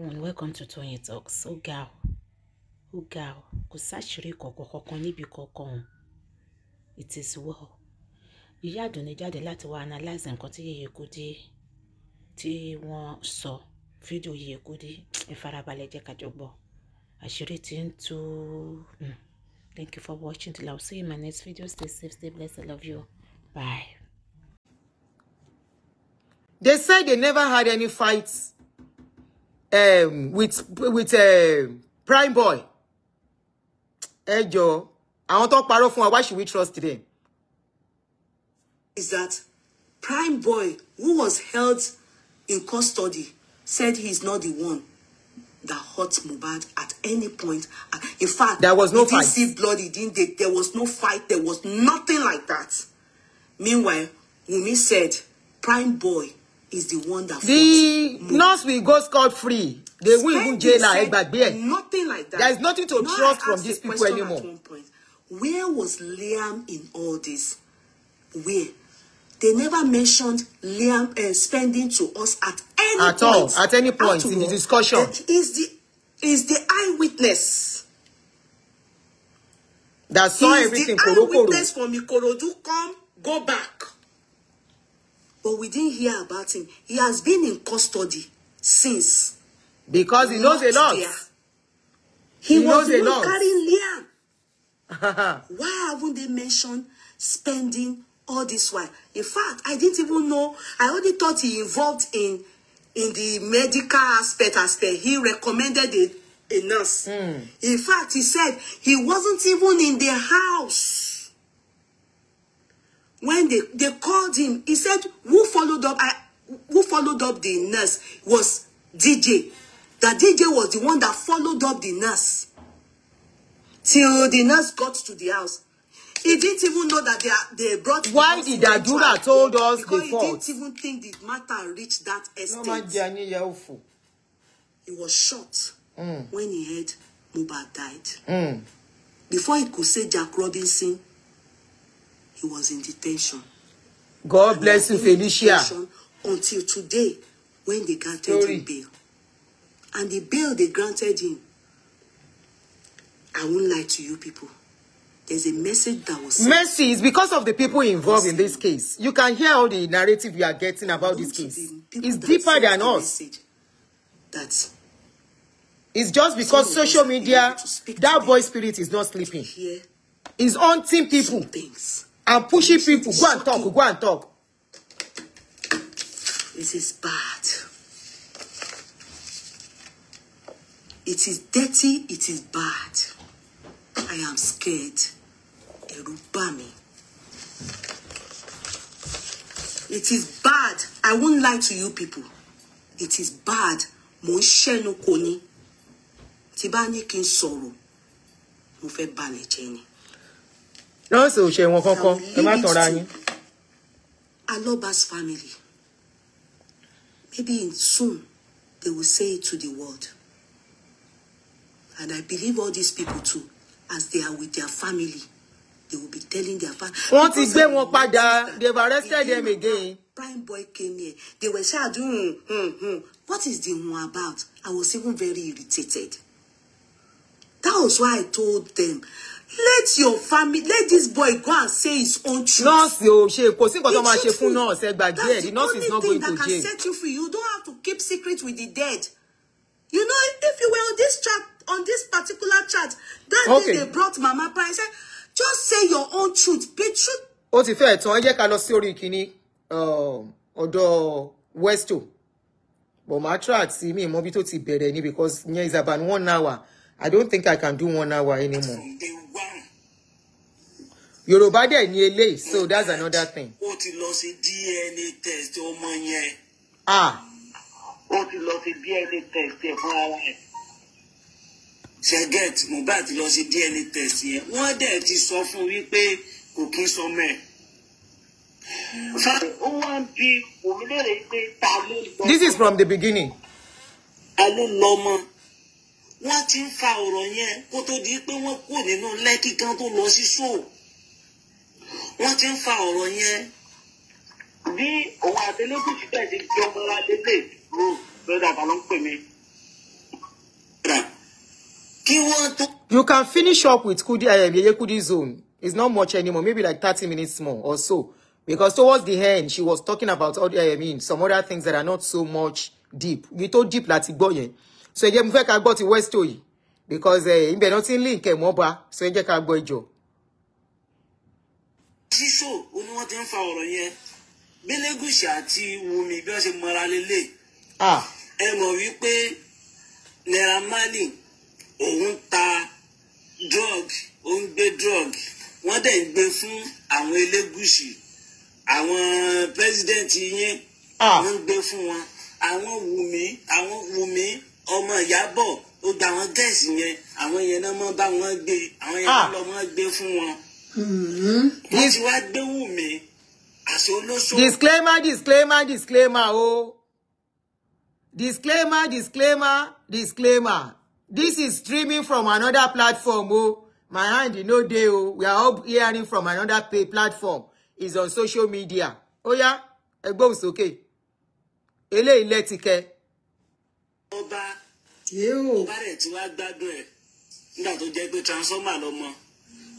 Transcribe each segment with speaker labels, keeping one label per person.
Speaker 1: everyone welcome to Toyeen Talks ó oh, girl, ọ oh, girl? ga ọ kò sáṣìírí kọ̀ọ̀kan kankan níbi it is well ìyá àdùnní jáde láti wá analyse nǹkan tí Yèyé Kúdí tí wọ́n sọ fídíò Yèyé Kúdí ẹ farabalẹ̀ jẹ́ ká jọ gbọ́ àṣírí ti ń tú hmm.
Speaker 2: thank you for watching till i will see you in my next video stay safe stay blessed i love you bye. they say they never had any fights um, with with um, prime boy ẹ jọ àwọn tó parọ́ fún wa why should we trust them. is that
Speaker 1: prime boy who was held in custody said he is not the one that hurt Mubad at any point. In fact, there was no he fight. Didn't see blood. He didn't. They, there was no fight. There was nothing like that. Meanwhile, Wunmi
Speaker 2: said, "Prime boy is the one that the nurse will go scot free they will even jail her egbagbe ẹ
Speaker 1: nothing like that there is nothing to Now trust from these people anymore. where was Liam in all this where they never mentioned Liam uh, spending to us at
Speaker 2: any at point all at any point at in all. the discussion
Speaker 1: is the is the eyewitness
Speaker 2: that saw is everything korokoro is the eyewitness
Speaker 1: from Ikorodu come go back but we didn't hear about him. He has been in custody since.
Speaker 2: Because he knows a lot.
Speaker 1: He, he knows a lot. carrying
Speaker 2: Liam.
Speaker 1: Why haven't they mentioned spending all this while? In fact, I didn't even know. I only thought he involved in in the medical aspect as per he recommended a, a nurse. Mm. In fact, he said he wasn't even in the house when they, they called him, he said, who followed up, I, who followed up the nurse was DJ. That DJ was the one that followed up the nurse. Till the nurse got to the house. He didn't even know that they, are, they brought... Why did Adura
Speaker 2: told us before? Because
Speaker 1: he didn't even think the matter reached that estate. he was shot mm. when he heard Muba died. Mm. Before he could say Jack Robinson, He was in detention. God bless
Speaker 2: you, Felicia.
Speaker 1: Until today, when they granted Sorry. him bail. And the bail they granted him, I won't lie to you people.
Speaker 2: There's a message that was Mercy is because of the people involved in this case. You can hear all the narrative we are getting about this case. It's deeper than us. That it's just because social media, that boy spirit is not sleeping. Is haunting people. Things and pushing people. Go and talk. Go and talk. This is bad.
Speaker 1: It is dirty. It is bad. I am scared. Ẹ̀rù bà mí. It is bad. I won't lie to you people. It is bad. Mo ń ṣẹ́nu kò ní. Tí bá ní kí n sọ̀rọ̀, mo fẹ́ balẹ̀ jẹ́
Speaker 2: ni nọ́ọ̀sì ò ṣe wọn kankan ẹ má tọra yín.
Speaker 1: Aloba's family maybe in soon they will say it to the world and I believe all these people too as they are with their family they will be telling their family. wọ́n ti gbé wọn padà they have arrested them again. prime boy came here they were ṣáàdù hmm, hmm, hmm. what is the one about I was even very irritated that was why I told them let your family let this boy go and say his own truth. nurse o oh, ṣe kò sí nǹkan tó máa ṣe fún nurse ẹ gbà the nurse is not going to jail. that's the only thing that can set you free you don't have to keep secret with the dead you know if you were on this chat on this particular chat that okay. day they brought mama pa and said just say your own truth be true.
Speaker 2: ó ti fẹ́ tán ẹ jẹ́ ká lọ sí orí kínní um, ọ̀dọ̀ westo but matra àti mi ìmọ̀ bí tó ti bẹ̀rẹ̀ ni because yẹn is about one hour. I don't think I can do one hour anymore. Yorùbá dẹ̀ ni eléyìí so that's another thing.
Speaker 3: Ó ti lọ sí DNA test ọmọ yẹn. Ah. Ó ti lọ sí DNA test ẹ̀ fún ara ẹ̀. Ṣẹ̀gẹ̀t Mohbad ti lọ sí DNA test yẹn. Wọ́n dẹ̀ ti sọ fún wípé kò kí n sọmọ ẹ̀. Ó wá ń bi òun lérè pé ta ló lọ. This
Speaker 2: is from the beginning.
Speaker 3: Ta ló lọ mọ́ wọ́n ti ń fa ọ̀rọ̀ yẹn kó tó di pé wọ́n kú nínú lẹ́kì kan tó lọ sí ṣó wọ́n ti ń fa ọ̀rọ̀ yẹn. bí òun àtẹlẹ́kùn ti tẹ̀sí di ọmọ adélé ló lọ́dà tá ló ń pè mí.
Speaker 2: kí wọ́n tó. you can finish up with kudi um, yeye kudi zone it's not much anymore maybe like thirty minutes more or so because towards the end she was talking about all eh, I mean some other things that are not so much deep We told deep láti gbọ́ yẹn so ẹ jẹ́ mo fẹ́ ká gbọ́ ti westo yìí because eh, ibẹ̀ náà ti ń link ẹ̀ mọ́ba so ẹ jẹ́ ká gbọ́ ìjọ.
Speaker 3: ṣíṣò ó ní wọ́n ti ń fa ọ̀rọ̀ yẹn Bẹ́lẹ́gùṣì àti Wùmí bí wọ́n ṣe mọra lélẹ̀ ẹ mọ̀ wípé Naira Marley òun ta drug ó ń gbé drug wọ́n dẹ̀ ń gbé fún àwọn Elégùṣì àwọn president yẹn wọ́n ń gbé fún wọn àwọn Wùmí àwọn Wùmí ọmọ Ìyábọ̀ ó gba àwọn gẹ̀ẹ́sì yẹn àwọn yẹn náà mọ́ bá wọn gbé àwọn yẹn ah. náà lọ́ gbé fún wọn.
Speaker 2: Mm-hmm.
Speaker 3: wọ́n ti wá gbé wù mí àṣẹ olóṣù.
Speaker 2: disclaimer disclaimer disclaimer o oh. disclaimer disclaimer disclaimer this is streaming from another platform o oh. my hand no dey o we are all hearing from another pay platform is on social media ó yá ẹgbẹ́ òsókè eléyìí lẹ́tìkẹ́
Speaker 3: ọba ọba rẹ̀ tí wàá gbádùn ẹ̀ nígbà tó jẹ́ pé transformer lọmọ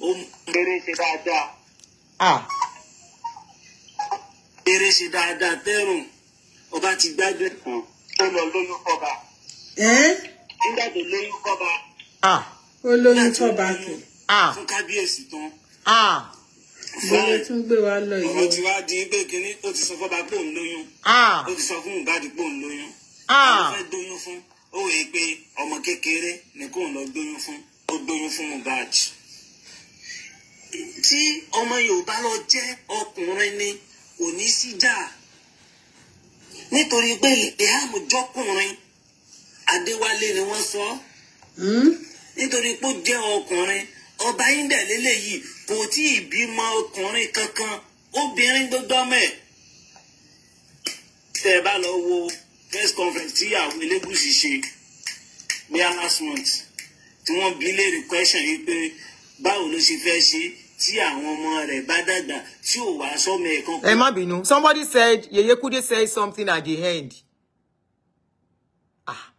Speaker 3: ó mú eré ṣe dáadáa. eré ṣe dáadáa tẹ́rùn ọba ti gbádùn ẹ̀ kan ó lọ lóyún kọba. nígbà tó lóyún kọba. ó lóyún kọba kù. fún kábíyèsí tán. Ìgbélé tún gbé wa lọ ìlú. Ọ̀rọ̀ ti wá di pé kínní ó ti sọ fọ́ba pé òun lóyún. Ó ti sọ fún ìbádìí pé òun lóyún àwọn ah. fẹ́ doyún fún ó rí pé ọmọ kékeré ni kò ń lọ doyún fún ó doyún fún Mohbad tí ọmọ Yorùbá lọ jẹ́ ọkùnrin ni kò ní síjà nítorí pé ìhàmù jọkùnrin Adéwálé ni wọ́n sọ hmm? nítorí pé ó jẹ́ ọkùnrin ọba Índẹ̀ lélẹ́yìí kò tí ì bímọ ọkùnrin kankan obìnrin gbogbo ọmọ ẹ̀ tẹ́ ẹ bá lọ wo press conference tí àwọn Elégùṣì ṣe ní last month tí wọ́n bi léèrè question yìí pé báwo ló ṣe fẹ́ ṣe tí àwọn ọmọ rẹ̀ bá dàgbà tí ò wá sọ́mọ ẹ̀kan. ẹ má bínú
Speaker 2: somebody said Yeye Kudi said something at the end ah,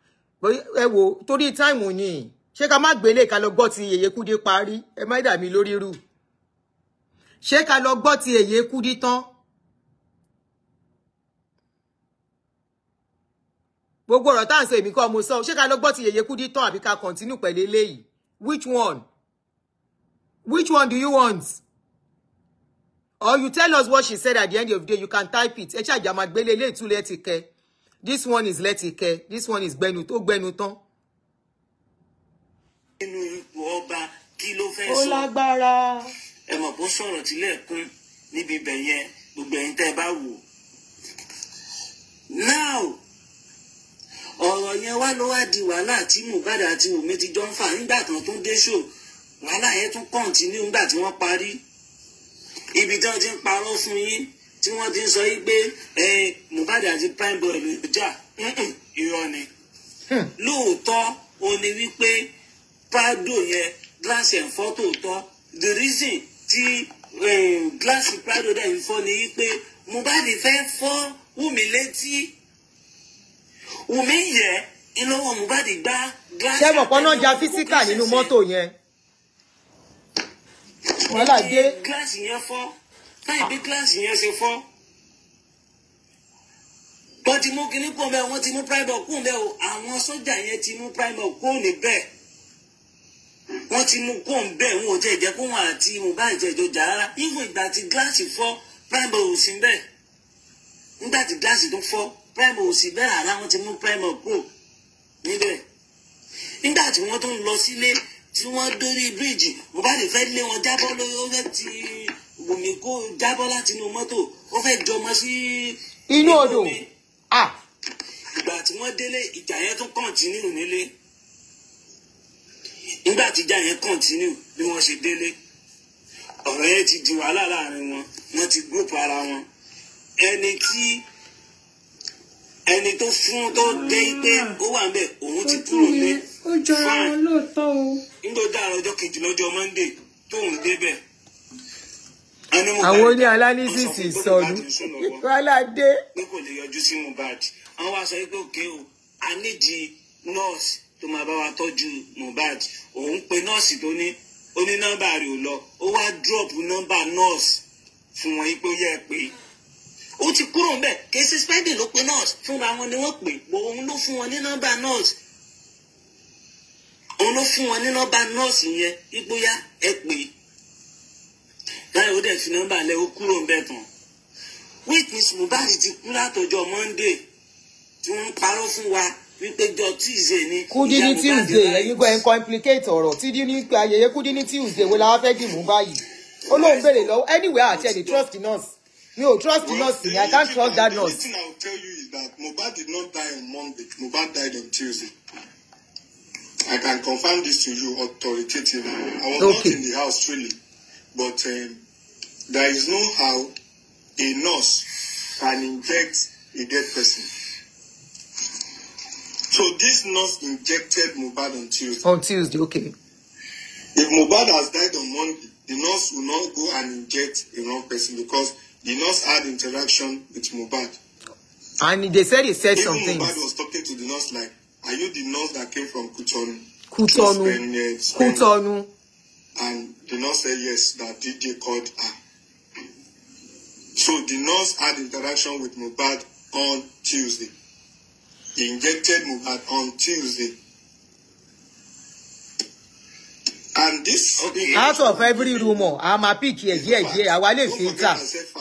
Speaker 2: ẹ wo torí táìmù ni ṣé ká má gbélé ká lọ gbọ́ ti Yeye Kudi parí ẹ má dà mí lórí rú ṣé ká lọ gbọ́ ti Yeye Kudi tán gbogbo ọ̀rọ̀ tá à ń sọ èmi kọ́ mo sọ ṣé ká lọ gbọ́ ti yèyé kúdí tán àbí ká continue pẹ̀lú eléyìí which one which one do you want or you tell us what she said at the end of the day you can type it ẹ ṣàjà máa gbélé ilé ìtúlẹ̀ ti kẹ this one is lẹ́tìkẹ this one is gbẹnu tó gbẹnu tán.
Speaker 3: nínú ipò ọba kí ló fẹ́ sọ ó lágbára ẹ mọ̀ bó sọ̀rọ̀ tí níbi ibẹ̀ yẹn gbogbo ẹ̀yin tẹ́ ẹ bá wò now ọ̀rọ̀ yẹn wá ló wá di wàhálà tí Mohbad àti Wùmí ti jọ ń fà nígbà kan tó ń dé ṣò wàhálà yẹn tún kọ̀ǹtínú nígbà tí wọ́n parí ibi tí wọ́n ti ń parọ́ fún yín tí wọ́n ti ń sọ yín pé Mohbad àti prime boy ló jà irọ́ ni hmm. lóòótọ́ o ní wípé prado yẹn glace ẹ̀ fọ́ tòótọ́ the reason tí eh, glace prado dẹ̀ ń fọ́ ni wípé Mohbad fẹ́ fọ́ Wùmí létí. Wùmí yẹ iná wọn Mohbad gbá
Speaker 2: gíláàsì. ṣé mọ̀pọ̀ náà ja físíkà nínú mọ́tò yẹn.
Speaker 3: wàhálà dé. gíláàsì yẹn fọ́ báyìí bí gíláàsì yẹn ṣe fọ́. wọ́n ti mú kinní kún bẹ́ẹ̀ wọ́n ti mú prime ball kún bẹ́ẹ̀ o àwọn sójà yẹn ti mú prime ball kún níbẹ̀. wọ́n ti mú kún bẹ́ẹ̀ wọn ò tẹ̀ jẹ́ kó wọn àti Mohbad jẹjọ jà rárá. ìwọ̀n ìgbà tí gíláàsì fọ́ prime ò sí bẹ́ẹ̀ nígbà tí gíláàsì tó fọ́ prime ò sí bẹ́ẹ̀ rárá wọ́n ti mú prime kúrò níbẹ̀ nígbà tí wọ́n tún lọ sílé tí wọ́n dórí bíríìjì Mohbad fẹ́ lé wọn jábọ́ lórí ó fẹ́ ti Wùmí kó jábọ́ láti inú mọ́tò ó fẹ́ jọmọ sí inú odò ah. ìgbà tí wọ́n délé ìjà yẹn tún kọ̀ǹtínú nílé nígbà tí ìjà yẹn kọ̀ǹtínú bí wọ́n ṣe délé ọ̀rọ̀ yẹn ti di wàhálà láàrin wọn wọ́n ti gúrùpù ara wọn ẹni tí ẹni tó fún tó dé pé ó wà ń bẹ̀ òun ti kúrò ní fáìn nígbà dára ọjọ́ kejì lọ́jọ́ Monday tóun débẹ̀.
Speaker 2: àwọn oní alálísìsì sọnù
Speaker 3: ìfọládé. pé kò lè yọjú sí Mohbad àwọn wa sọ pé òkè o a nídìí nọ́ọ̀sì tó máa bá wa tọ́jú Mohbad òun pe nọ́ọ̀sì tó ní onínọ́mbà rẹ̀ ò lọ ó wá dúrọ̀pù nọ́mbà nọ́ọ̀sì fún wọn yí pé ó yẹ pé ó ti kúrò ńbẹ̀ kì í ló pe nurse fúnra wọn ni wọ́n pè òun ló fún wọn ní nọ́mbà nurse òun ló fún wọn ní nọ́mbà nurse yẹn igbóyà ẹ pè láyé ó dẹ̀ fi nọ́mbà lẹ ó kúrò ńbẹ̀ tán witness Mohbad ti kú látọjọ́ Monday tí wọ́n ń fún wa wípéjọ tuesday ni. kúdí ní tuesday ẹ̀yin
Speaker 2: gbọ́ ẹ̀ ń ọ̀rọ̀ tí ní ayẹyẹ kúdí ní tuesday wo la fẹ́ dì mú báyìí ó lóun béèrè lọ́wọ́ anywhere àti ẹni trust nurse mi ò trust well, nurse yẹn i can't
Speaker 4: trust that nurse. the only thing i will tell you is that Mohbad did not die on Monday Mohbad died on Tuesday. I can confirm this to you authoritatively. I was okay. not in the house really, but um, there is no how a nurse can inject a dead person. So this nurse injected Mohbad on Tuesday. On Tuesday, okay. If Mohbad has died on Monday, the nurse will not go and inject a wrong person because The nurse had interaction with Mubad.
Speaker 2: And they said he said something. Mubad was
Speaker 4: talking to the nurse like, are you the nurse that came from Kutonu? Kutonu. Spend, uh, spend. Kutonu. And the nurse said yes, that DJ called her. So the nurse had interaction with Mubad on Tuesday. He injected Mubad on Tuesday. And this okay. out
Speaker 2: of every rumor, I'm a pick here, here, here. I will say that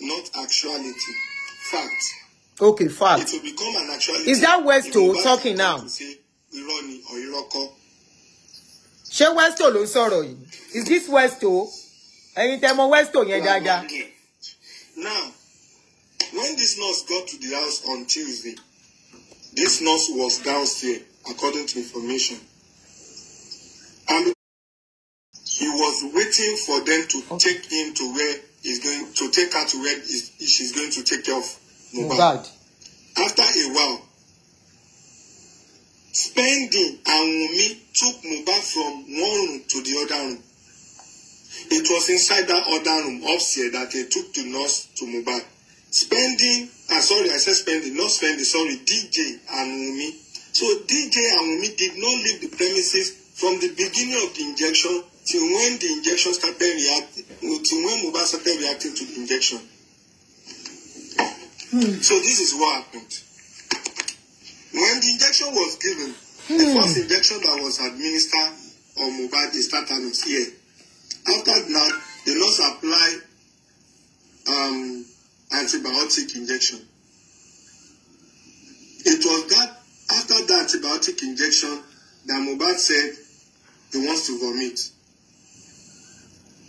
Speaker 4: not actuality. Fact.
Speaker 2: Okay, fact. It
Speaker 4: will become an actuality. Is that Westo talking now? Say, Ironi or Iroko.
Speaker 2: Ṣé Westo ló ń sọ̀rọ̀ yìí? Is this Westo? Ẹ̀yin tẹ́ mọ̀ Westo yẹn dáadáa.
Speaker 4: Now, when this nurse got to the house on Tuesday, this nurse was downstairs, according to information. And he was waiting for them to okay. Oh. take him to where is going to take her to where is, she's going to take care of Mohbad. After a while, spending and Wunmi took Mohbad from one room to the other room. It was inside that other room upstairs that they took the nurse to Mohbad. Spending, uh, sorry, I said spending, not spending, sorry, DJ and Wunmi. So DJ and Wunmi did not leave the premises from the beginning of the injection till when the injection started reacting Noting when Muba started reacting to the injection. Hmm. So this is what happened. When the injection was given, hmm. the first injection that was administered on Muba is tetanus here. After that, the nurse applied um, antibiotic injection. It was that after the antibiotic injection that Mubat said he wants to vomit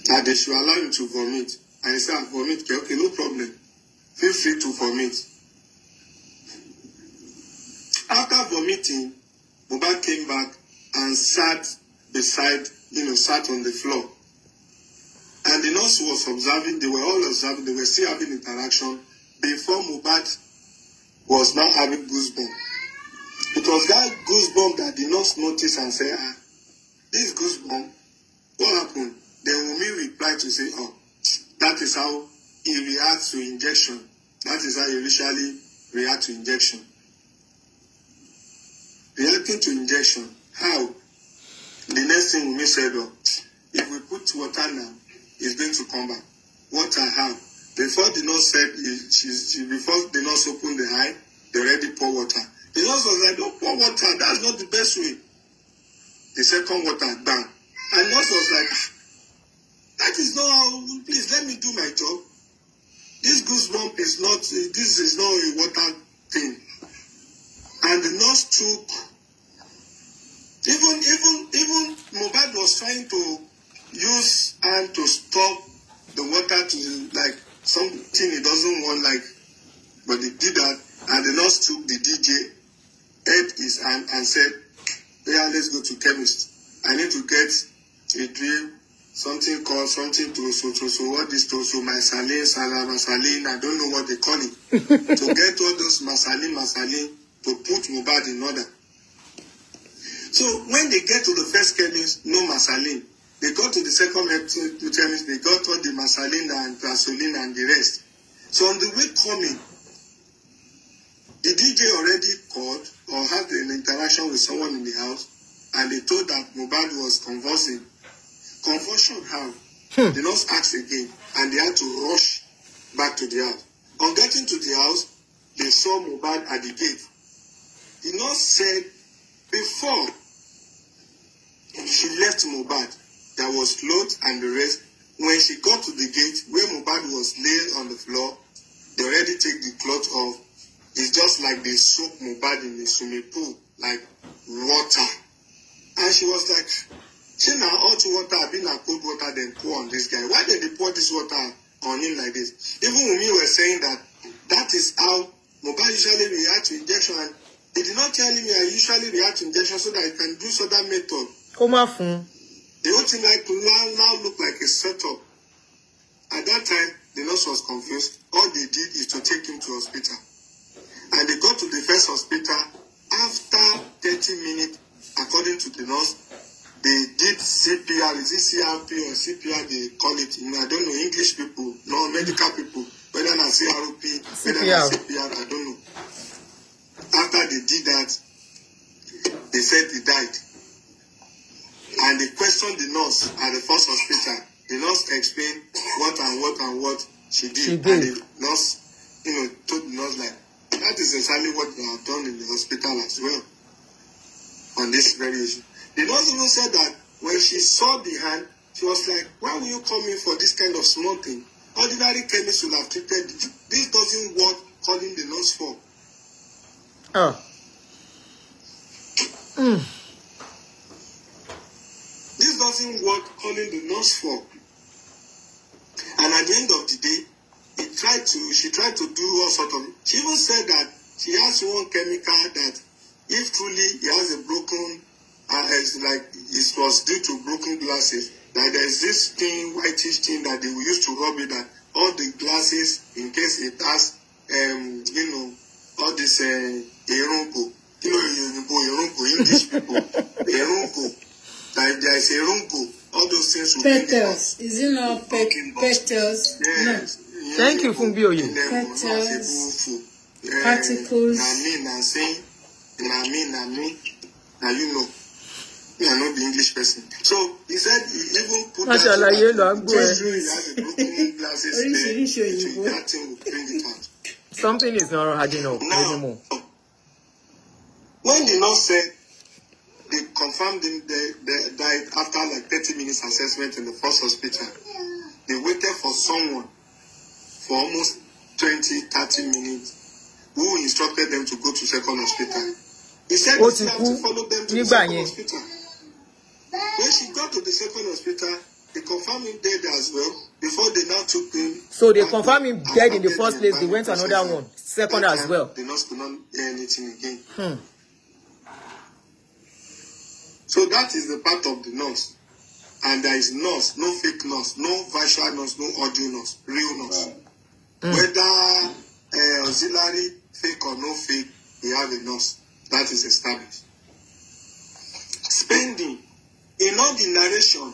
Speaker 4: that they should allow you to vomit. And he said, I ah, vomit. Okay, okay, no problem. Feel free to vomit. After vomiting, Mohbad came back and sat beside, you know, sat on the floor. And the nurse was observing, they were all observing, they were still having interaction before Mubat was now having goosebumps. It was that goosebump that the nurse noticed and said, ah, this goosebump, what happened? Then Wunmi reply to say, oh, that is how he react to injection. That is how he initially react to injection. Reacting to injection, how? The next thing Wunmi said, oh, if we put water now, it's going to come back. Water how? Before the nurse said, she, she, before the nurse open the eye, they already pour water. The nurse was like, don't pour water, that's not the best way. The second water, down. And nurse was like, ah, That is not. Please let me do my job. This goosebump is not. This is not a water thing. And the nurse took. Even even even Mobad was trying to use and to stop the water to like something he doesn't want like, but he did that. And the nurse took the DJ, ate his hand, and said, "Yeah, let's go to chemist. I need to get a drill." something called something to so to so what is to so masale sala masale I don't know what they call it to get all those masale masale to put Mohbad in order. So when they get to the first chemist, no masaline. They go to the second chemist, they got all the masaline and prasoline and the rest. So on the way coming, the DJ already called or had an interaction with someone in the house, and they told that Mohbad was convulsing Confusion happened. Hmm. They lost asked again, and they had to rush back to the house. On getting to the house, they saw Mohbad at the gate. He now said, before she left Mohbad, there was clothes and the rest. When she got to the gate where Mohbad was laying on the floor, they already take the cloth off. It's just like they soak Mohbad in the swimming pool, like water. And she was like, See now hot water be na cold water then pour on this guy. Why did they pour this water on him like this? Even Wunmi were saying that that is how Mohbad usually react to injection and they did not tell him he usually react to injection so that he can do so method. Ó má fún. The whole thing like now now look like a setup. At that time, the nurse was confused. All they did is to take him to hospital. And they go to the first hospital after 30 minutes, according to the nurse, CPR, is it CRP or CPR they call it? I don't know. English people, no medical people, whether na CRP, CPR. whether na CPR, I don't know. After they did that, they said he died. And they questioned the nurse at the first hospital. The nurse explained what and what and what she did. She did. And the nurse, you know, told the nurse like, that is exactly what they have done in the hospital as well on this very issue. The nurse even said that When she saw the hand, she was like, why will you call me for this kind of small thing? Ordinary chemists would have treated it. This doesn't work. calling the nurse for.
Speaker 2: Oh. Mm.
Speaker 4: This doesn't work. calling the nurse for. And at the end of the day, he tried to she tried to do all sort of she even said that she has one chemical that if truly he has a broken and it's like it was due to broken glasses that there's this thing whitish thing that they used to rub it that all the glasses in case it has um, you know all this uh, erunko you know yorùbá erunko english people erunko That there is erunko all those things will
Speaker 2: petals
Speaker 4: is it not pe petals yes no.
Speaker 2: thank you Funbioye
Speaker 4: petals eh, particles na me na say na me na me na you know me i'm not the english person so he said he even put that ṣàlàyé lọ agbó ẹ oríṣiríṣi òyìnbó
Speaker 2: something is not adding up now, anymore.
Speaker 4: when the nurse said they confirmed him they, they died after like thirty minutes assessment in the first hospital they waited for someone for almost twenty thirty minutes who instructed them to go to second hospital. He said he had to follow them to the second yẹn. hospital. When she got to the second hospital, they confirmed him dead as well before they now took him.
Speaker 2: So they confirmed him dead in the first place. They went to another one, second
Speaker 4: as well. The nurse could not hear anything again. Hmm. So that is the part of the nurse. And there is nurse, no fake nurse, no virtual nurse, no audio nurse, real nurse. Mm. Whether uh, auxiliary, fake or no fake, we have a nurse. That is established. Spending In all the narration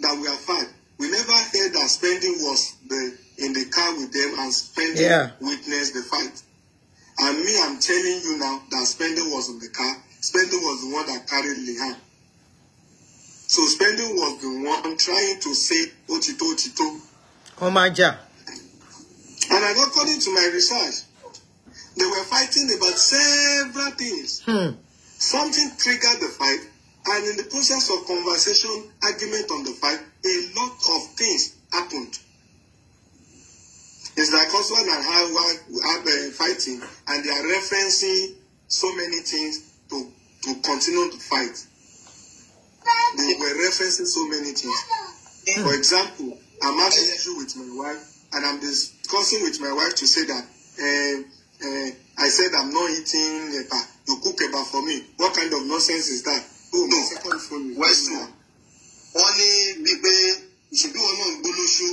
Speaker 4: that we have had, we never heard that spending was the in the car with them and spending yeah. witnessed the fight. And me, I'm telling you now that spending was in the car. Spending was the one that carried Lehan. So spending was the one trying to say otito otito. Oh my God. And according to my research, they were fighting about several things. Hmm. Something triggered the fight And in the process of conversation, argument on the fight, a lot of things happened. It's like husband and wife fighting, and they are referencing so many things to, to continue to fight. They were referencing so many things. For example, I'm having an issue with my wife, and I'm discussing with my wife to say that uh, uh, I said I'm not eating eba. You cook eba for me. What kind of nonsense is that? ogun wẹ́sùn wọ́n ní bíi pé ìṣèbí wọn náà ń gbólóṣó.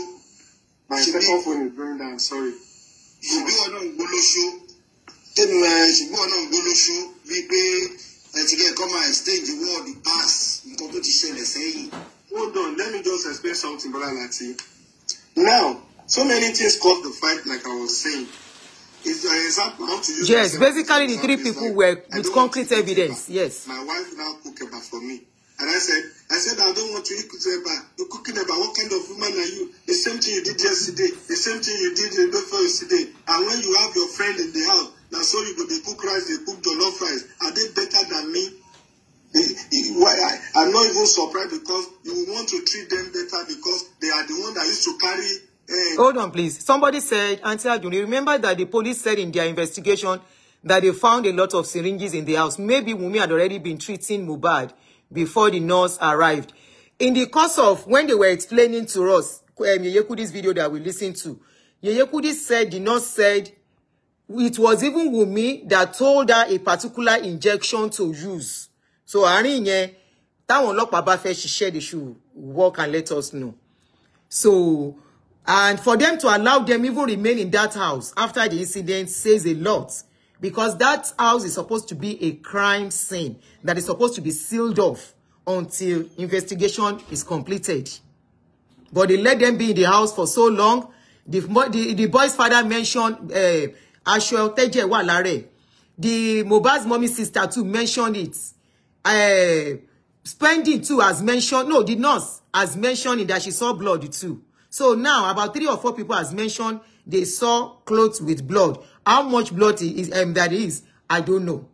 Speaker 4: my second phone is going down sorry. ìṣèbí wọn náà ń gbólóṣó tẹ́mi ìṣèbí wọn náà ń gbólóṣó bíi pé ẹtìkẹ́ kọ́ máa exchange word pass nǹkan tó ti ṣẹlẹ̀ sẹ́yìn. hold on let me just explain something brother lati now so many things cause the fight like i was saying. Yes, basically the three people like, were with concrete evidence. Yes. My wife now cook eba for me. And I said, I said, I don't want to eat eba. You cooking eba, what kind of woman are you? The same thing you did yesterday, the same thing you did the day before yesterday. And when you have your friend in the house, now so you go, they cook rice, they cook jollof rice. Are they better than me? why I, I'm not even surprised because you want to treat them better because they are the one that used to carry Mm. Hold
Speaker 2: on, please. Somebody said, Auntie Adunni, remember that the police said in their investigation that they found a lot of syringes in the house. Maybe Wunmi had already been treating Mubad before the nurse arrived. In the course of when they were explaining to us, um, Yeyekudi's video that we listened to, Yeyekudi said the nurse said it was even Wumi that told her a particular injection to use. So àárín that one ọlọ́pàá bá she ṣiṣẹ́ the shoe walk and let us know. So And for them to allow them even remain in that house after the incident says a lot. Because that house is supposed to be a crime scene that is supposed to be sealed off until investigation is completed. But they let them be in the house for so long. The, the, the boy's father mentioned uh, eh, Ashwell Teje Walare. The Mobaz mommy sister too mentioned it. Uh, eh, Spending too has mentioned, no, the nurse has mentioned it that she saw blood too. So now about three or four people has mentioned, they saw clothes with blood. How much blood is um, that is, I don't know.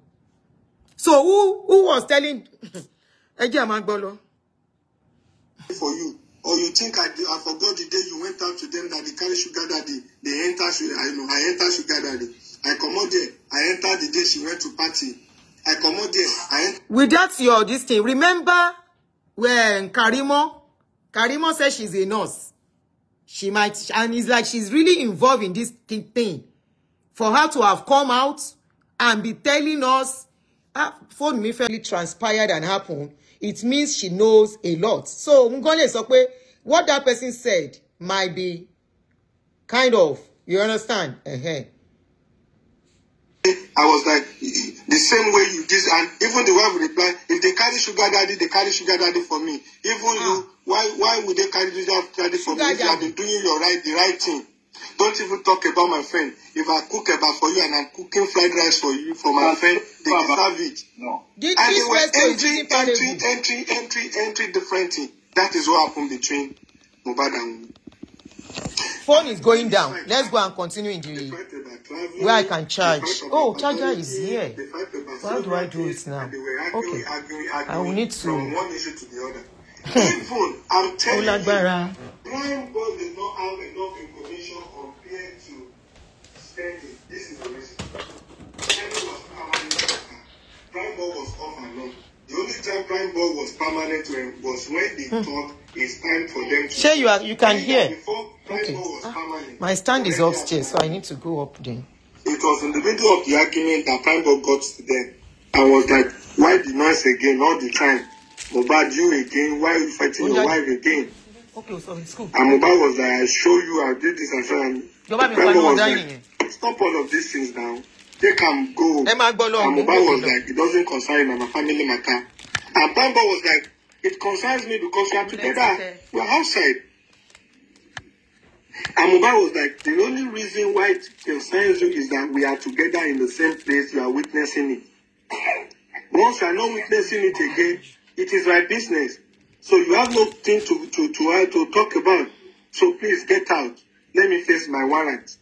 Speaker 2: So who who was telling Eji Amagbolo?
Speaker 4: For you. Or you think I, I forgot the day you went out to them that they carry sugar daddy. They enter I know, I enter sugar daddy. I come out there. I enter the day she went to party. I come out there. I
Speaker 2: With that, your this thing. Remember when Karimo, Karimo says she's a nurse. She might, and it's like she's really involved in this thing. For her to have come out and be telling us, ah, for me, fairly transpired and happened, it means she knows a lot. So, Ngole sọ what that person said might be kind of, you understand? Uh-huh.
Speaker 4: I was like, the same way you did, and even the wife replied, if they carry sugar daddy, they carry sugar daddy for me. Even ah. you, why, why would they carry sugar daddy for sugar me? Daddy. You have been doing your right, the right thing. Don't even talk about my friend. If I cook eba for you and I'm cooking fried rice for you for my but, friend, they Baba. deserve it. No. Did and they were entry, entry, entry, entry, entry, entry, different thing. That is what happened between Mohbad and
Speaker 2: phone is going down. Let's go and continue in the where I can charge. Oh, charger is here. How do I do it now?
Speaker 4: Okay, I will need to. I'm telling you, Prime This is the reason. Prime God was off and on. The only time prime board was permanent when, was when they hmm. thought it's time for them to. Sure,
Speaker 2: you are. You can hear. Before,
Speaker 4: okay. Ah,
Speaker 2: my stand is upstairs, so I need to go up there.
Speaker 4: It was in the middle of the argument that prime board got to them I was like, "Why the demands again all the time? Mobad you again? Why you fighting your wife again?" Okay, so it's cool. And Mobad was like, "I show you, I did this and so on." Prime board was like, eh? "Stop all of these things now." they can go. And Mohbad was like, it doesn't concern him, I'm a family matter. And Bamba was like, it concerns me because we are together. We are outside. And Mohbad was like, the only reason why it concerns you is that we are together in the same place, you are witnessing it. Once you are not witnessing it again, it is my business. So you have nothing to, to, to, uh, to talk about. So please get out. Let me face my warrant.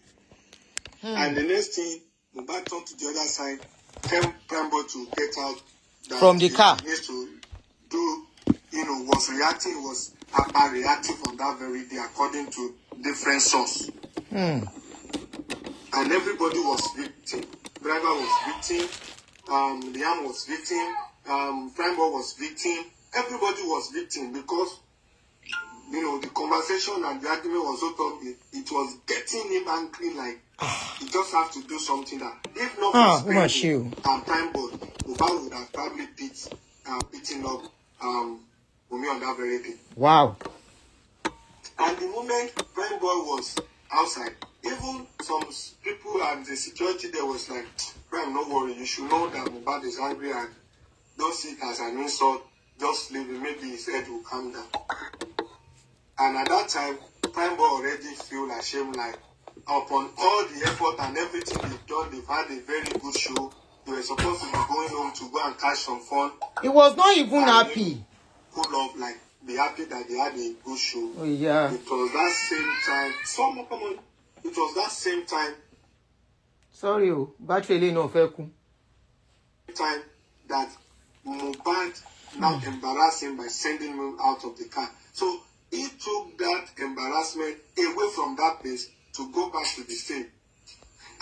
Speaker 4: Hmm. And the next thing, Mohbad turned to the other side, tell Primeboy to get out. From the car. Needs to do, you know, was reacting, was about reacting from that very day, according to different source. Mm. And everybody was victim. Driver was victim. Um, Liam was victim. Um, Primeboy was victim. Everybody was victim because you know, the conversation and the argument was so tough. it was getting him angry. Like, you just have to do something that,
Speaker 2: if not, oh, much you and time,
Speaker 4: but Uba would have probably beat, uh, beating up um, Umi on that very thing. Wow. And the moment when boy was outside, even some people and the security there was like, Prem, no worry, you should know that Mubad is angry and don't see it as an insult. Just leave it. Maybe his head will calm down. And at that time, Prime Boy already feel ashamed like upon all the effort and everything they've done, they've had a very good show. They were supposed to be going home to go and catch some fun.
Speaker 2: He was not even and happy.
Speaker 4: Pull love like be happy that they had a good show. Oh, yeah. It was that same time. Some come on. It was that same time.
Speaker 2: Sorry, oh, battery no náà fẹ́
Speaker 4: Time that Mohbad now mm. him by sending him out of the car. So He took that embarrassment away from that place to go back to the same.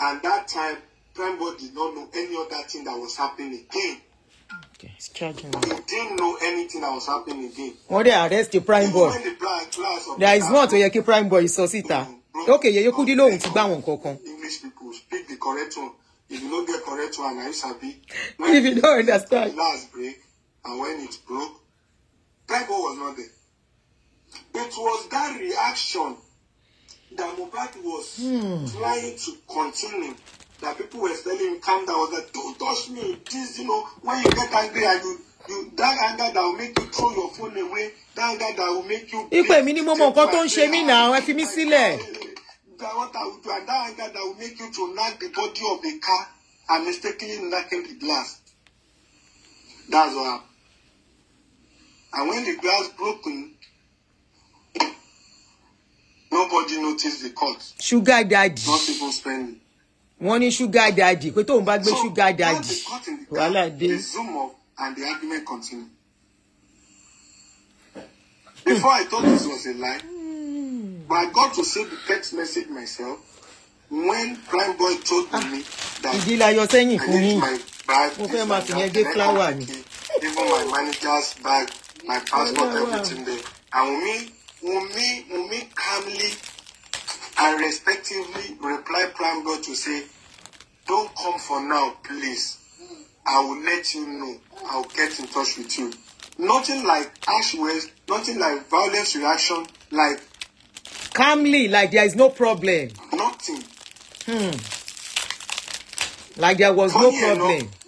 Speaker 4: And that time, Prime Boy did not know any other thing that was happening again. Okay, He
Speaker 2: didn't
Speaker 4: know anything that was happening again.
Speaker 2: Wọ́n dẹ̀ That's the Prime Boy.
Speaker 4: The prime There is one tó yẹ
Speaker 2: kí Prime Boy sọ síta. Okay, Yeyekudi lóhùn ti gbá wọn kankan.
Speaker 4: English people speak the correct one. If you no get correct one, na you sabi.
Speaker 2: If you don't understand.
Speaker 4: Last break, and when it broke, Prime Boy was not there. It was that reaction that Mubad was hmm. trying to continue. That people were telling him, calm down, that don't touch me. This, you know, when you get angry and you you that anger that will make you throw your phone away, that anger that will make you. Ìpè mi ni mo mọ nǹkan tó ń ṣe mí náà,
Speaker 2: ẹ
Speaker 4: That what I will do and that anger that will make you to knock the body of the car and mistakenly knocking the glass. That's what happened. And when the glass broken, nobody noticed the cut.
Speaker 2: sugar daddy. not
Speaker 4: even spending.
Speaker 2: wọ́n ní sugar daddy pé tóun bá gbé sugar daddy wàhálà dé. the zoom
Speaker 4: up and the argument continue. Before I thought this was a lie, but I got to see the text message myself when Prime Boy told ah, me that
Speaker 2: I need my
Speaker 4: bag, this and that, and I got the key, even my manager's bag, my passport, everything there. And me, Wunmi, Wunmi calmly and respectively replied Prime God to say, Don't come for now, please. I will let you know. I'll get in touch with you. Nothing like ash waves, nothing like violence reaction, like
Speaker 2: calmly, like there is no problem. Nothing. Hmm. Like there was Funny no problem. Enough,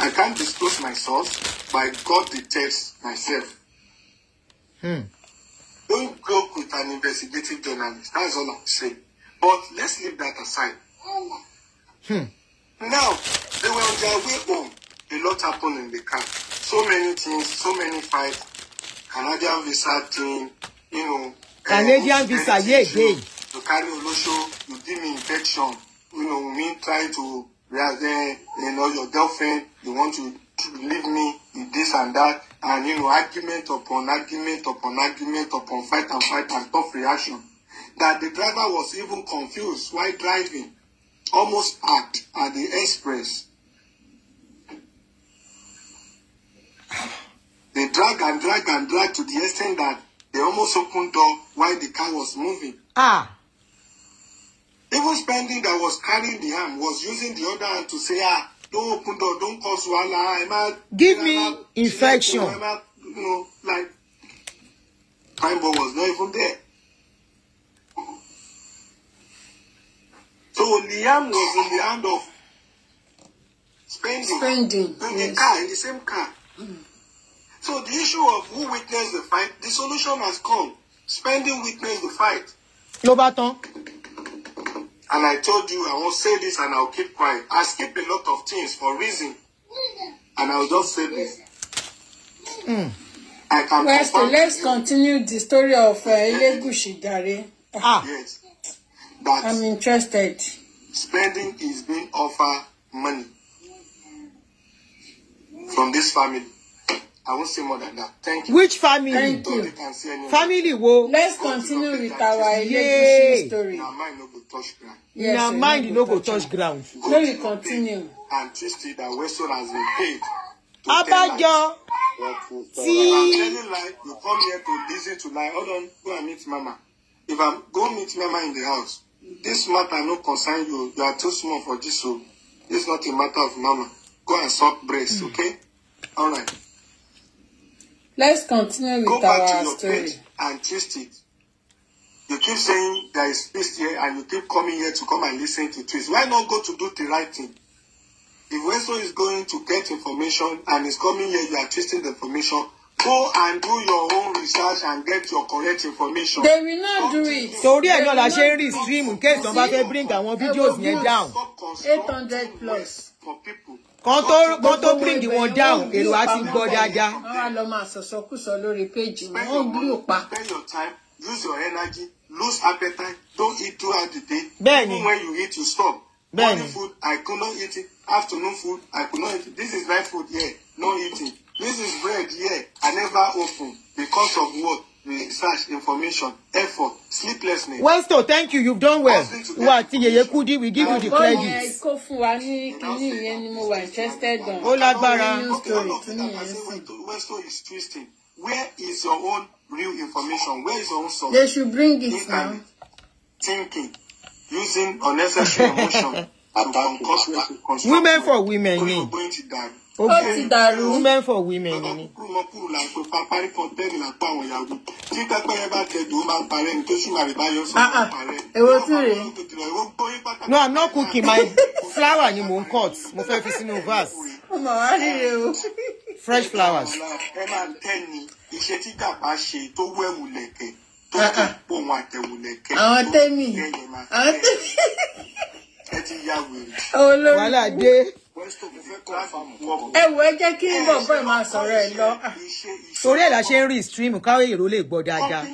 Speaker 4: I can't disclose my source, but I got the text myself. Mm. Don't joke with an investigative journalist. That's all I'm saying. But let's leave that aside. Hmm. Now, they were on their way home. A lot happened in the car. So many things, so many fights. Canadian visa thing, you know. Eh, Canadian
Speaker 2: eh, visa, yeah, yeah.
Speaker 4: To carry Olosho, you give me infection. You know, me trying to, rather, eh, you know, your girlfriend, you want to, to leave me, with this and that and you know argument upon argument upon argument upon fight and fight and tough reaction that the driver was even confused while driving almost parked at the express they drag and drag and drag to the extent that they almost opened door while the car was moving ah even spending that was carrying the arm was using the other hand to say ah don't cause wahala give me infection. ẹ má was not even there. So Liam was in the hand of spending, spending in the yes. car, in the same car. So the issue of who witnessed the fight, the solution has come. Spending witnessed the fight. No button. And I told you I won't say this and I'll keep quiet. I skip a lot of things for reason. And I'll just say this.
Speaker 3: Mm. I can well, let's continue the story of uh, Dare.
Speaker 4: Ah. Yes.
Speaker 3: That I'm interested.
Speaker 4: Spending is being offered money from this family. I won't say more than that. Thank
Speaker 2: you. Which family? Thank you. Family wo. Let's continue with our Elegushi
Speaker 4: story. Na mind no go touch ground. Yes, Na mind no go touch ground. Let me continue. And trust that Weston has been paid. Abájọ tí. Any lie, you come here to listen to lie. Hold on, go and meet mama. If I go meet mama in the house, this matter no concern you. You are too small for this, room. It's not a matter of mama. Go and suck breast, hmm. okay? All right. Let's continue with Go back our to your story. Page and twist it. You keep saying there is peace here and you keep coming here to come and listen to twist. Why not go to do the right thing? If Weso is going to get information and is coming here, you are twisting the information. Go and do your own research and get your correct information. They will
Speaker 2: not do it. Torí ẹ̀ náà la ṣe ń rí stream in case wọ́n bá fẹ́ bring àwọn videos yẹn down.
Speaker 4: Eight hundred plus. For people
Speaker 2: kan tó kan tó bring wọn down èrò á ti gbọ́ dáadáa.
Speaker 4: wọ́n á lọ máa sọ̀sọ́kùsọ lórí péjì wọn gbúrò pa. spend your time use your energy lose appetite don't eat too the day. bẹ́ẹ̀ni even when you eat you stop. bẹ́ẹ̀ni morning food I could not eat it afternoon food I could not eat it this is life food here yeah. no eating this is bread here yeah. I never open because of what research information effort sleeplessness.
Speaker 2: Westo thank you you've done well. Wa ti Yeye Kudi we give you the credit. Ọgbọ́n
Speaker 4: yẹn kó fún wa ní kínní yẹn ni mo wà interested on. Ó lágbára. Westo is twisting. Where is your own real information? Where is your own source? They should bring it now. Thinking using unnecessary emotion women for women. Kúrò going to die ó ti dàrú.
Speaker 2: women for women ni.
Speaker 4: ọmọ kúrò là ń pè pampari kan bẹ́ẹ̀ni là ń àwọn ìyàwó tí pẹ́pẹ́yẹ bá tẹ̀ dùn ó máa ń parẹ́ tó sì máa rí sí máa ń ah, ah.
Speaker 2: èwo tún rèé. no i'm not cooking my flower ni mo ń cut mo fẹ́ fi sínú vase.
Speaker 4: ọmọ wa rire o. fresh flowers. ẹ máa tẹ́ ni iṣẹ́ tí dàbá ṣe tó wẹ̀wù lẹ̀kẹ̀ tó kẹ́ ah, pọ̀ wọn àtẹ̀wù lẹ̀kẹ̀ tó kẹ́ yẹn máa tẹ́ ẹ ti yá wèrè. wàhálà dé ẹ wò ẹ jẹ́ kí bọ̀bọ̀ máa sọ̀rọ̀ ẹ lọ. Ah,
Speaker 2: torí ẹ̀ la ṣe ń rí stream káwé èrò lè gbọ́
Speaker 4: dáadáa.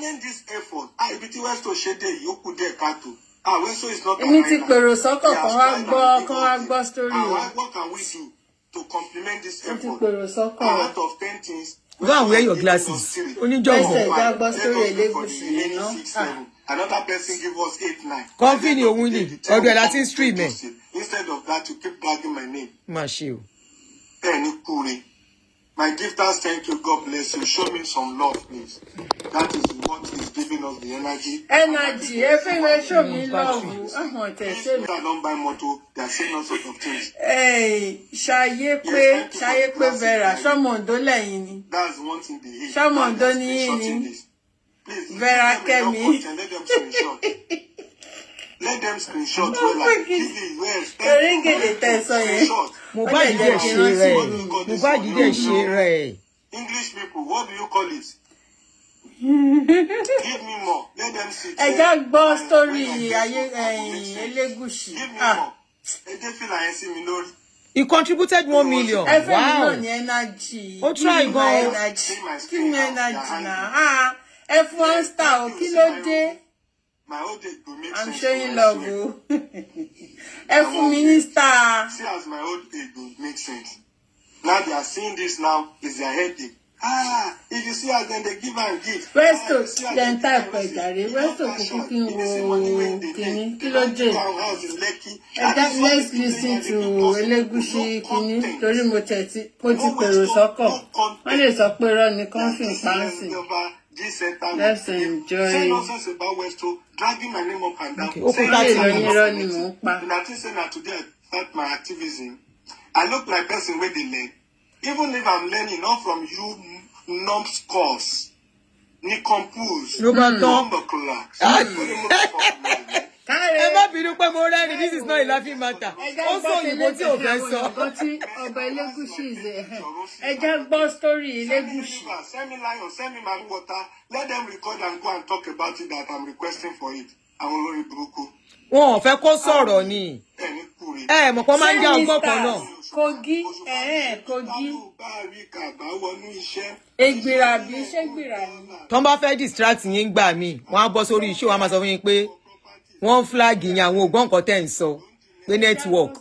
Speaker 4: èmi ti pèrò sọ́kọ̀ kan wá gbọ́ kan wá gbọ́ story rẹ̀. mo ti pèrò sọ́kọ̀ rẹ̀.
Speaker 2: go and wear your glasses oníjọ̀wọ́. ẹsẹ̀ ìjà gbọ́ story
Speaker 4: ẹ̀ lẹ́gùn sí i another person give us eight nine.
Speaker 2: kọ́ńfì ni òun ni ọdún ẹ̀ láti stream ẹ̀.
Speaker 4: instead of that you keep dragging my name. má ṣe o. bẹ́ẹ̀ ni my gifters thank you God bless you show me some love please that is what is giving us the energy. energy efere show me love ọmọ tẹ ṣe mi. people don buy motor they are saying all sorts of things. ṣayé pé ṣayé pé vera ṣọmọ ǹdó lẹ́yìn ni. that's one thing they hate. ṣọmọ ǹdó ni yín ni. Please Vera Kemi. Let them screenshot. Let them screenshot. No, well, like, Mohbad dẹ̀ ṣe rẹ̀
Speaker 2: Mohbad dẹ̀ ṣe rẹ̀.
Speaker 4: English people what do you call it? give me more let them see. ẹ jẹ́ gbọ́ sórí ayé eh, eh, Elégùṣì. give me ah. more ẹ jẹ́ fìlà yẹn sí mi lórí.
Speaker 2: He contributed one million. Every wow. million
Speaker 4: energy. Ó try gan Give me energy now. Ah. F1 star o kí ló dé i'm showing love o oh.
Speaker 1: ẹ fún mínísítà.
Speaker 4: see as my old age go make sense now they are seeing this now is their headache ah if you see as dem dey give am gift. westo dem type ẹ jàre westo kò kú kí n wo kínní kí ló dé ẹ dá let's listen to Elégùṣì kínní torí mo tẹ̀ ti pèrò sọ́kọ̀ wọ́n lè sọ pé irọ́ ni kọ́ńfì ń pa á sí this center Let's with enjoy. say nonsense about Westo, dragging my name up and down. Okay. Say nothing about Nothing say na today I start my activism. I look like person wey dey learn. Even if I'm learning, not from you numbskulls, nincompoos, number clocks ẹ má bínú pé mo rẹ́rìn
Speaker 2: this is not a laughing matter ó sọ òyìnbó tí ò fẹ́ sọ.
Speaker 4: ọba elégùsì eh, ẹja gbọ́ sórí elégùsì. send me lion send me my water let them record and go and talk about it that i'm requesting for it àwọn olórí burúkú.
Speaker 3: wọn ò fẹ́ kó
Speaker 2: sọ̀rọ̀ ni ẹ mọ̀ pé wọ́n máa ń já ọgbọ́n kan náà.
Speaker 4: kogi eh, eh, kogi. egbèrè àbí iṣẹ́ gbèrè àbí.
Speaker 2: tó ń bá fẹ́ distract yín gbà mí wọ́n á bọ́ sórí iṣẹ́ wa máa sọ fún yín pé wọ́n flag yẹn àwọn ògbọ́n nǹkan tẹ̀ ń sọ pé network.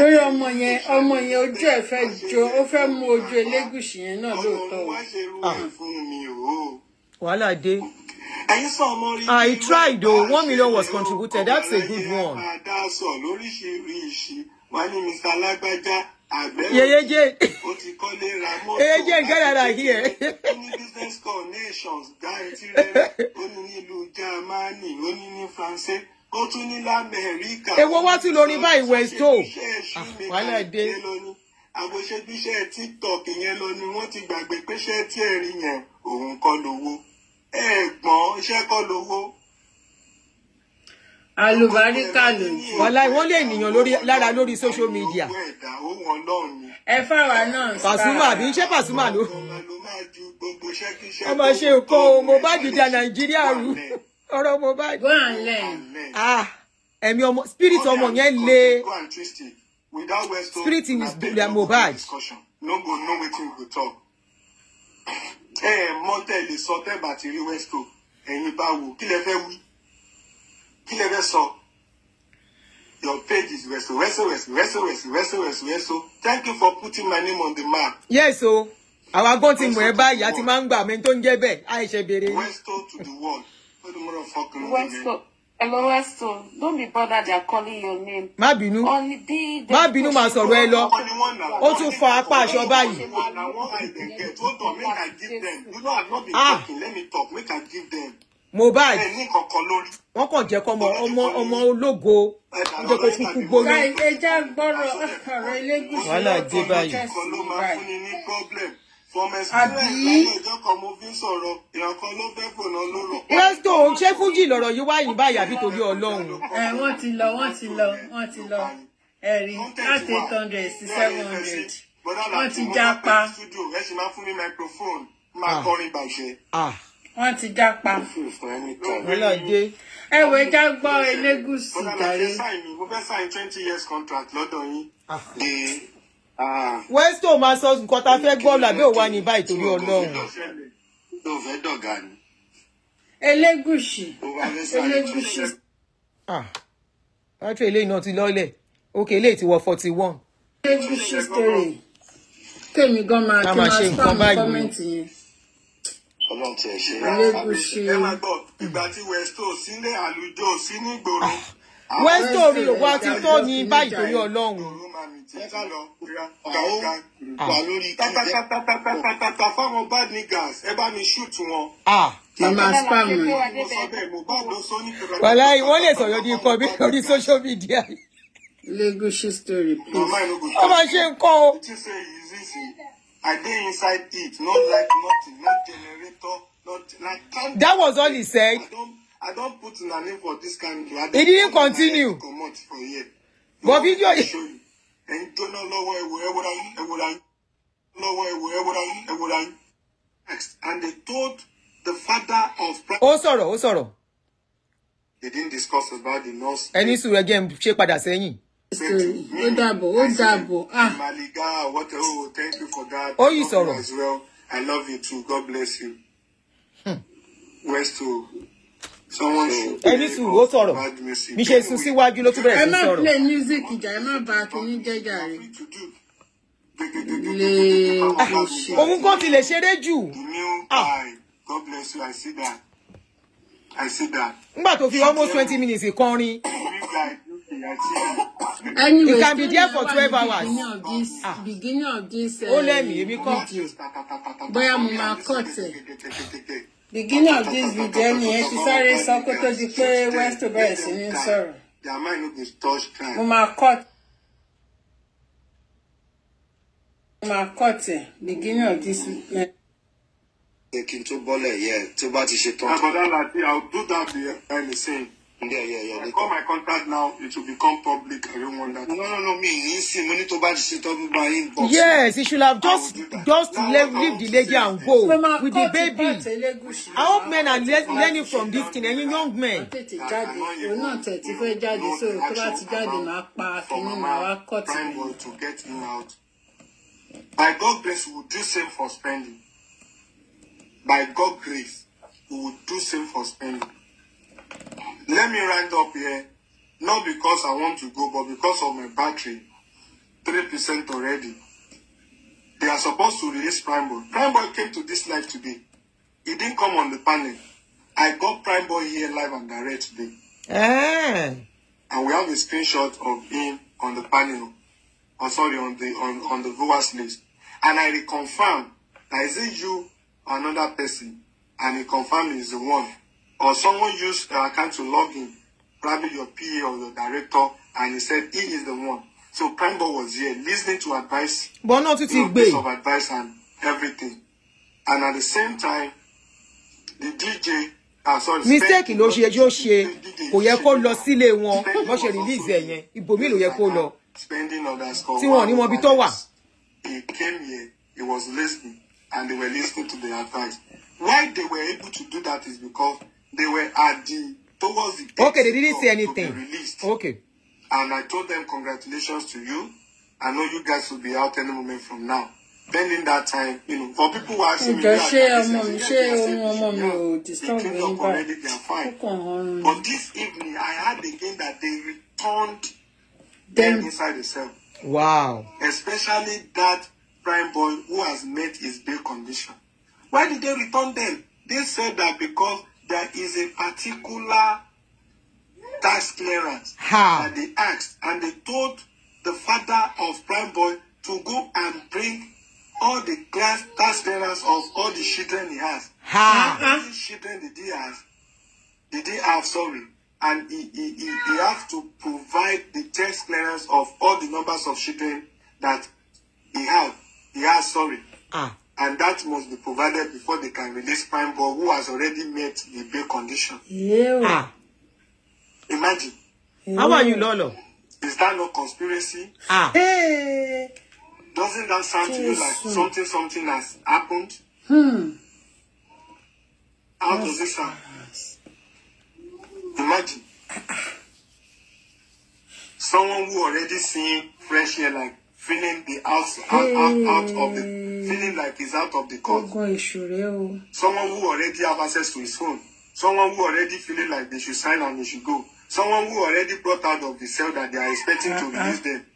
Speaker 2: torí ọmọ yẹn ọmọ yẹn ojú ẹ̀ fẹ́ jo
Speaker 3: ó fẹ́ mú ojú Elégùṣì yẹn náà lóòótọ́
Speaker 2: ah. wàhálà dé.
Speaker 4: I
Speaker 2: ah, tried o oh, one million was contributed that's a good one.
Speaker 4: Yeyeje. Yeyeje get out of here. Only business call nations, Gaitirere, only ní ìlú Germany, only ní France, ó tún ní Lamẹ́ríkà. Èwo wá tún lórí
Speaker 2: báyìí West Ho.
Speaker 4: Ah, wàhálà dé. Àgbéṣẹ́gbéṣẹ́ TikTok yẹn lọ ni wọ́n ti gbàgbé péṣẹ́ tí ẹ̀rí yẹn òun kọ́ lówó. Ẹ̀gbọ́n iṣẹ́ kọ́ lówó
Speaker 2: àlùbáríkà ló yìí. wàhálà ìwọ́n lé ènìyàn lára lórí social media. ẹ
Speaker 4: fáwa náà. pàṣùmà àbí iṣẹ́ pàṣùmà ló. ọmọ ṣe nǹkan o Mohbad da nàìjíríà rú
Speaker 2: ọ̀rọ̀ Mohbad. go and learn. ah ẹ̀mí ọmọ
Speaker 4: spirit ọmọ yẹn le spirit is their mobile. no go know wetin we go talk. ẹ ẹ mọ tẹ lè sọ tẹ bá ti rí west coast ẹ̀yin bá kí lẹ fẹ́ wí kí lè fẹ́ your page is wẹ̀sọ̀ wẹ̀sọ̀ wẹ̀sọ̀ wẹ̀sọ̀ wẹ̀sọ̀ wẹ̀sọ̀ wẹ̀sọ̀ wẹ̀sọ̀ thank you for putting my name on the map.
Speaker 2: yes o àwa gbọ́n ti mọ̀ ẹ́ báyìí àti máa ń gbà mí tó ń jẹ́ bẹ́ẹ̀ àìṣe béèrè.
Speaker 4: westo to the world olùmọ̀ràn fọkàn lónìí. hello westo don't be bothered they are calling your name.
Speaker 2: má bínú má bínú máa sọ̀rọ̀ ẹ lọ
Speaker 4: ó tún fọ apá aṣọ báyìí. ah Mobile. Mohbad
Speaker 2: wọ́n kàn jẹ́ kọ́mọ ọmọ ọmọ ológo wọ́n jẹ́ kó kúkú
Speaker 4: gbóná. ẹja gbọ́rọ̀ ọ̀rọ̀ elégùsì wàhálà dé báyìí. àbí.
Speaker 2: lẹ́sítò ṣé fújì lọ̀rọ̀ yìí wá yìí báyìí àbí torí ọlọ́run.
Speaker 4: ẹ wọ́n ti lọ wọ́n ti lọ wọ́n ti lọ ẹ̀rí láti eight hundred sí seven hundred wọ́n ti já pa. ẹ ṣì máa fún mi microphone máa ah. kọrin bàṣẹ. Ah wọ́n ti já pa ọlọ́dẹ. ẹ wo ẹja gbọ́ elégùsì jàre. mo fẹ́ sign twenty years contract lọ́dọ̀ yín. Ah. Ah.
Speaker 2: westo máa sọ nǹkan tá a fẹ́ gbọ́ làbẹ́ òwa ní báyìí torí ọlọ́run.
Speaker 4: ló fẹ́ dọ̀gà ni. elégùsì elégùsì.
Speaker 2: bátìrì eléyìí náà ti lọ́lẹ̀ òkè eléyìí ti wọ forty one.
Speaker 3: elégùsì story kémi gan máa kí n máa spam kọ́mẹ́ǹtì
Speaker 4: yẹn ọlọ́run ti ẹ̀ ṣe é ẹ máa gbọ́ ìgbà tí westo sílẹ̀ àlùjọ sí nígboro. Ah, westo rí òwò àti tó ní báyìí torí ọlọ́run. tàtàtàtàtàtà fáwọn bad niggas ẹ bá mi shoot wọn. Ah. wàlá
Speaker 2: ìwọ lè sọ̀rọ̀ di ikọ̀ mi lórí social
Speaker 3: media. Legushi story please. ó máa
Speaker 4: ṣe ń kọ́ o. I dey inside it, no light, nothing, no generator, nothing. I can't.
Speaker 2: That was all he said. I don't,
Speaker 4: I don't put in name for this kind of. He didn't continue. Come for here. But video. And don't know where, where would I, where I, know where, where would I, where I. And they told the father of.
Speaker 2: Oh sorrow! Oh sorrow!
Speaker 4: They didn't discuss about the nurse. Ẹni sùúrù ẹgẹ́ ń ṣe padà story. Ó dàbọ̀, ó dàbọ̀. Ah. Maliga, what oh, thank you for that. Oh, you sorrow. As well. I love you too. God bless you. Hmm. Where's to? Someone should. Ẹni sùn ó sọ̀rọ̀. Mi ṣe sùn síwájú ló tún
Speaker 2: bẹ̀rẹ̀
Speaker 4: music ìjà, ẹ má ba kìíní jẹ́jà rẹ̀.
Speaker 2: Lè. Òun kàn ti lè
Speaker 4: God bless you, I see that. I see that. Nígbà tó fi almost
Speaker 2: twenty minutes kọrin
Speaker 1: anyway, you can be there for twelve hours. beginning of this ah. beginning of this. ó lẹ́mìí eh, èmi kọ́.
Speaker 3: let me. máa kọ́ tẹ̀. Eh. beginning of
Speaker 4: this video ni ẹ ti sáré sọ kó tó di pé west bẹ̀rẹ̀ sí ní sọ̀rọ̀. mo máa kọ́ tẹ̀. mo máa kọ́ tẹ̀ eh, beginning of this kí n tó bọ́lẹ̀ yẹ tó bá ti ṣe tán. àbọ̀dá làdí i will do that behind the scene. Yeah, yeah, yeah. I call my contact now. It will become public. I don't want that. No, no, no. Me, see, money to buy the shit on my inbox.
Speaker 2: Yes, he should have just just now, leave, leave the lady and go Mama, with the baby. I hope men are le learning from this thing. Any young men.
Speaker 4: To get him out. By God, grace, we will do same for spending. By God, grace, we will do same for spending. Let me round up here, not because I want to go, but because of my battery, three percent already. They are supposed to release Prime Boy. Prime Boy came to this live today. He didn't come on the panel. I got Prime Boy here live and direct today.
Speaker 2: Ah.
Speaker 4: And we have a screenshot of him on the panel. Oh, sorry, on the on, on the viewers list. And I reconfirm that is it you or another person? And he confirmed he's the one or someone used the account to log in, probably your PA or your director, and he said he is the one. So Primebot was here listening to advice, but not
Speaker 2: to you know, bit of
Speaker 4: advice and everything. And at the same time, the DJ ah, mistake
Speaker 2: ló ṣe yóò ṣe kò yẹ kó lọ sílé wọn wọn ṣe release ẹ yẹn ibòmí ló yẹ kó lọ
Speaker 4: tí wọn ní wọn bí tó wà. He came here, he was listening, and they were listening to the advice. Why they were able to do that is because They were at the towards the Okay, they didn't
Speaker 2: say anything. Released. Okay.
Speaker 4: And I told them congratulations to you. I know you guys will be out any moment from now. Then in that time, you know, for people who are asking me, cleaned up already, they are fine. Okay. But this evening, I had again that they returned them inside the cell.
Speaker 2: Wow.
Speaker 4: Especially that prime boy who has met his bail condition. Why did they return them? They said that because there is a particular tax clearance How? that they asked, and they told the father of prime boy to go and bring all the class tax clearance of all the children he has. How? All the children did he have? Did he have? Sorry. And he, he, he, he have to provide the tax clearance of all the numbers of children that he have. He has, sorry. Ah and that must be provided before they can release prime boy who has already met the bail condition. Yeah. Ah. Imagine. Ew. How are you, Lolo? Is that not conspiracy? Ah.
Speaker 1: Hey.
Speaker 4: Doesn't that sound to you like something something has happened? Hmm. How yes. does it sound? Imagine. Ah, ah. Someone who already seen fresh air like feeling the out, hey. out, out, of the feeling like he's out of the court. Someone who already have access to his phone. Someone who already feeling like they should sign and they should go. Someone who already brought out of the cell that they are expecting uh, to ah, ah. release them.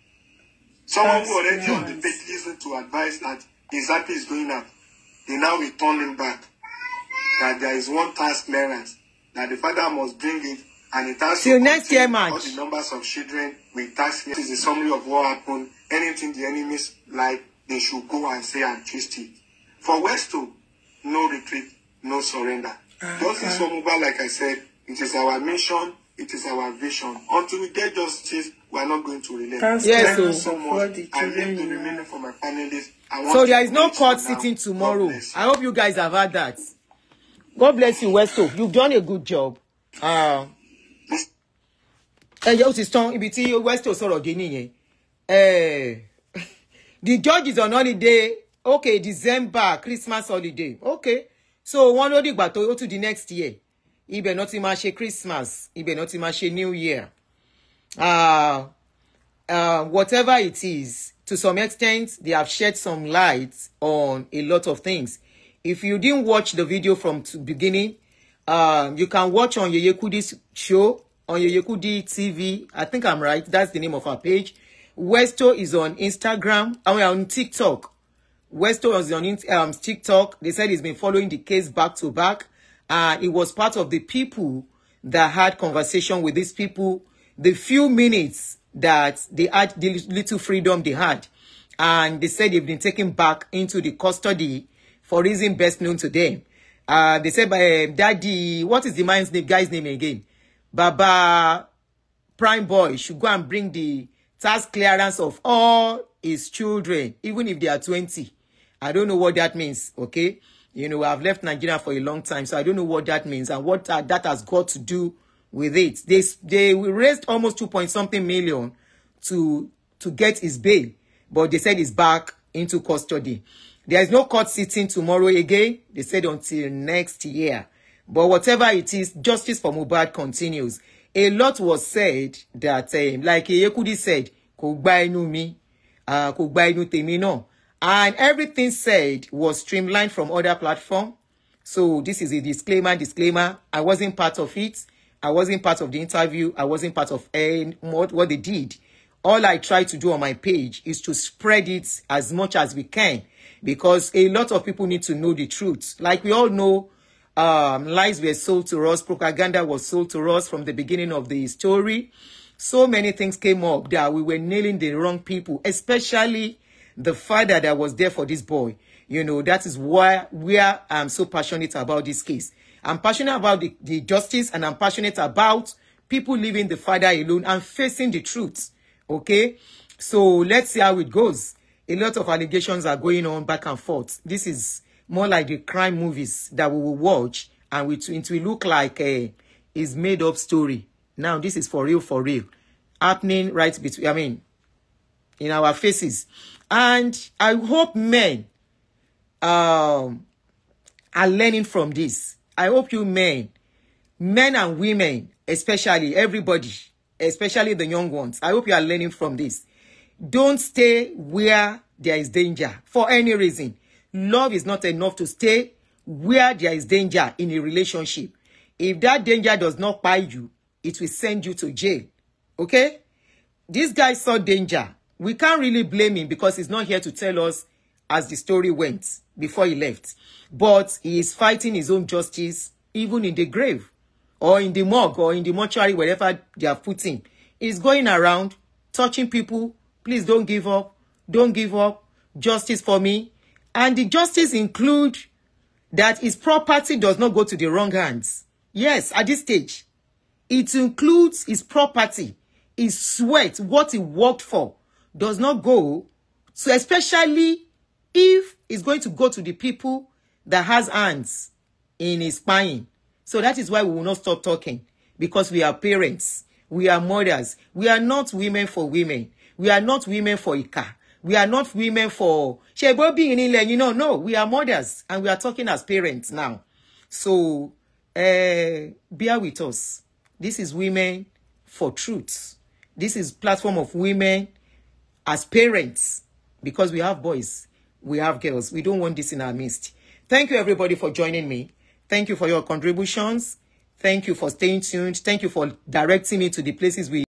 Speaker 4: Someone who already nice. on the page listening to advice that his happy is going up. They now return him back. That there is one task clearance. That the father must bring it And it also Till next year, March. all the numbers of children with tax This is a summary of what happened. Anything the enemies like, they should go and say and twist it. For Westo, no retreat, no surrender. Uh, Just uh, in like I said, it is our mission, it is our vision. Until we get justice, we are not going to relent. Yes, Thank you so much. I leave the remaining for my panelists. So there is no
Speaker 2: court sitting tomorrow. I hope you guys have heard that. God bless you, Westo. You've done a good job. Uh, ẹyẹ ó ti tán ibi tí westo sọ̀rọ̀ dé nìyẹn the judge is on holiday okay december christmas holiday okay so wọ́n ló dìgbà tó ó tún di next year ibẹ̀ náà ti máa ṣe christmas ibẹ̀ náà ti máa ṣe new year uh, uh, whatever it is to some extent they have shed some light on a lot of things if you didn't watch the video from beginning Uh, you can watch on Yeyekudi's show on Yeyekudi TV. I think I'm right. That's the name of our page. Westo is on Instagram. I mean, on TikTok. Westo is on um, TikTok. They said he's been following the case back to back. Uh, it was part of the people that had conversation with these people. The few minutes that they had, the little freedom they had. And they said they've been taken back into the custody for reason best known to them. Uh, they said, by eh, Daddy, what is the man's name, guy's name again? Baba Prime Boy should go and bring the tax clearance of all his children, even if they are 20. I don't know what that means, okay? You know, I've left Nigeria for a long time, so I don't know what that means and what that, uh, that has got to do with it. They, they raised almost 2 point something million to, to get his bail, but they said he's back into custody. There is no court sitting tomorrow again. They said until next year. But whatever it is, justice for Mubad continues. A lot was said that, um, like Yekudi said, kò gba mi, uh, kò gba inú And everything said was streamlined from other platform. So this is a disclaimer, disclaimer. I wasn't part of it. I wasn't part of the interview. I wasn't part of uh, what, what they did. all I try to do on my page is to spread it as much as we can because a lot of people need to know the truth. Like we all know, um, lies were sold to us, propaganda was sold to us from the beginning of the story. So many things came up that we were nailing the wrong people, especially the father that was there for this boy. You know, that is why we are so passionate about this case. I'm passionate about the, the justice and I'm passionate about people leaving the father alone and facing the truth Okay, so let's see how it goes. A lot of allegations are going on back and forth. This is more like the crime movies that we will watch, and we, it will look like a eh, is made up story. Now this is for real, for real, happening right between. I mean, in our faces, and I hope men um, are learning from this. I hope you men, men and women, especially everybody, especially the young ones. I hope you are learning from this. Don't stay where there is danger for any reason. Love is not enough to stay where there is danger in a relationship. If that danger does not bite you, it will send you to jail. Okay? This guy saw danger. We can't really blame him because he's not here to tell us as the story went before he left. But he is fighting his own justice even in the grave. or in the mug, or in the mortuary, wherever they are putting, is going around touching people. Please don't give up. Don't give up. Justice for me. And the justice include that his property does not go to the wrong hands. Yes, at this stage, it includes his property, his sweat, what he worked for does not go. So especially if it's going to go to the people that has hands in his spying. So that is why we will not stop talking because we are parents, we are mothers, we are not women for women, we are not women for Ika, we are not women for being in England. you know, no, we are mothers and we are talking as parents now. So uh, bear with us. This is women for truth. This is platform of women as parents because we have boys, we have girls. We don't want this in our midst. Thank you everybody for joining me. Thank you for your contributions. Thank you for staying tuned. Thank you for directing me to the places we